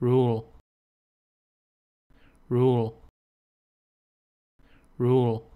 rule rule rule